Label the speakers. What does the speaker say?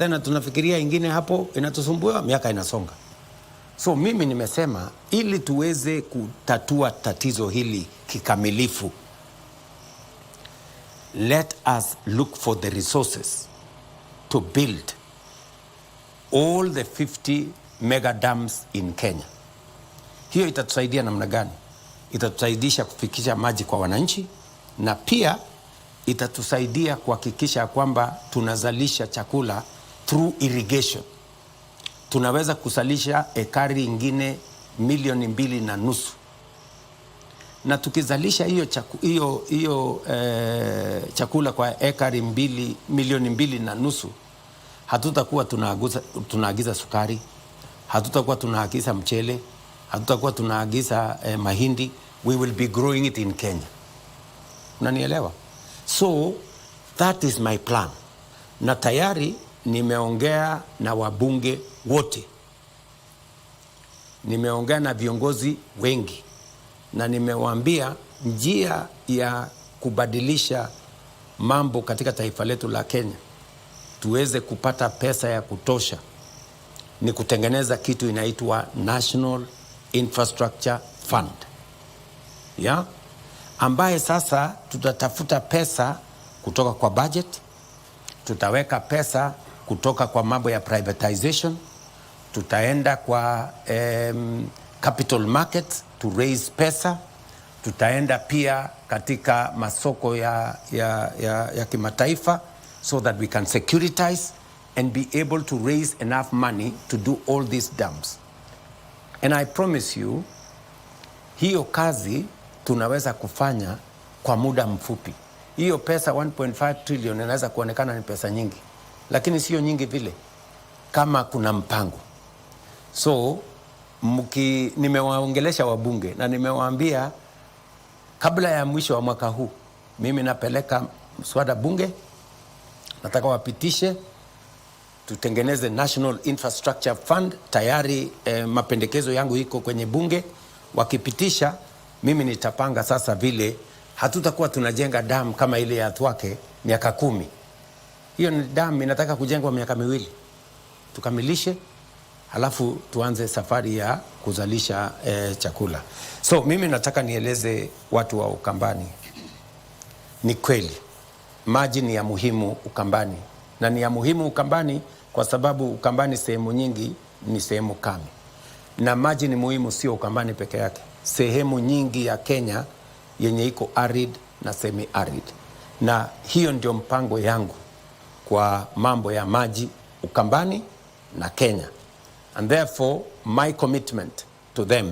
Speaker 1: tena tunafikiria ingine hapo, inatusumbua miaka inasonga. So mimi nimesema ili tuweze kutatua tatizo hili kikamilifu, let us look for the resources to build all the 50 mega dams in Kenya. Hiyo itatusaidia namna gani? Itatusaidisha kufikisha maji kwa wananchi na pia itatusaidia kuhakikisha kwamba tunazalisha chakula through irrigation tunaweza kusalisha ekari ingine milioni mbili na nusu na tukizalisha hiyo chaku, hiyo, hiyo, eh, chakula kwa ekari mbili, milioni mbili na nusu hatutakuwa tunaagiza, tunaagiza sukari, hatutakuwa tunaagiza mchele, hatutakuwa tunaagiza eh, mahindi. We will be growing it in Kenya. Unanielewa? So that is my plan, na tayari nimeongea na wabunge wote, nimeongea na viongozi wengi, na nimewaambia njia ya kubadilisha mambo katika taifa letu la Kenya tuweze kupata pesa ya kutosha ni kutengeneza kitu inaitwa National Infrastructure Fund ya ambaye sasa tutatafuta pesa kutoka kwa budget, tutaweka pesa kutoka kwa mambo ya privatization, tutaenda kwa um, capital market to raise pesa, tutaenda pia katika masoko ya, ya, ya, ya kimataifa so that we can securitize and be able to raise enough money to do all these dams. And I promise you hiyo kazi tunaweza kufanya kwa muda mfupi. Hiyo pesa 1.5 trillion inaweza kuonekana ni pesa nyingi lakini sio nyingi vile, kama kuna mpango. So mki, nimewaongelesha wabunge na nimewaambia kabla ya mwisho wa mwaka huu mimi napeleka mswada bunge, nataka wapitishe tutengeneze National Infrastructure Fund. Tayari eh, mapendekezo yangu iko kwenye bunge. Wakipitisha mimi nitapanga sasa vile hatutakuwa tunajenga damu kama ile ya Thwake miaka kumi hiyo ni damu inataka kujengwa miaka miwili, tukamilishe halafu tuanze safari ya kuzalisha eh, chakula. So mimi nataka nieleze watu wa Ukambani, ni kweli maji ni ya muhimu Ukambani, na ni ya muhimu Ukambani kwa sababu Ukambani sehemu nyingi ni sehemu kame, na maji ni muhimu, sio Ukambani peke yake, sehemu nyingi ya Kenya yenye iko arid na semi arid, na hiyo ndio mpango yangu kwa mambo ya maji Ukambani na Kenya and therefore my commitment to them